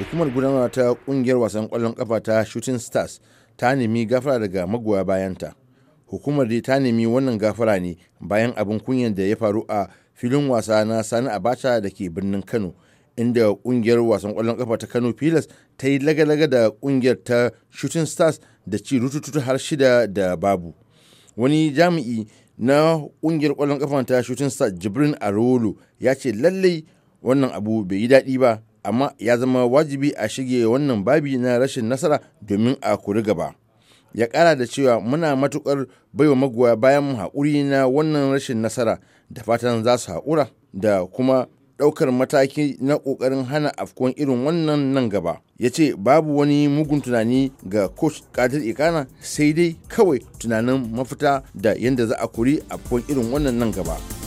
hukumar gudanarwa ta kungiyar wasan kwallon kafa ta shooting stars ta nemi gafara daga magoya bayanta hukumar dai ta nemi wannan gafara ne bayan abin kunyar da ya faru a filin wasa na sani abacha da ke birnin kano inda kungiyar wasan kwallon kafa ta kano pilas ta yi lagalaga da kungiyar ta shooting stars da ci rututu har shida da babu wani jami'i na kungiyar kwallon kafa ta shooting stars jibrin arolo ya ce lallai wannan abu bai yi daɗi ba amma ya zama wajibi a shige wannan babi na rashin nasara domin a kuri gaba ya kara da cewa muna matukar baiwa magoya bayan haƙuri na wannan rashin nasara da fatan za su haƙura da kuma ɗaukar mataki na ƙoƙarin hana afkon irin wannan nan gaba ya ce babu wani mugun tunani ga coach kadir ikana sai dai kawai tunanin mafita da yadda za a kuri afkon irin wannan nan gaba.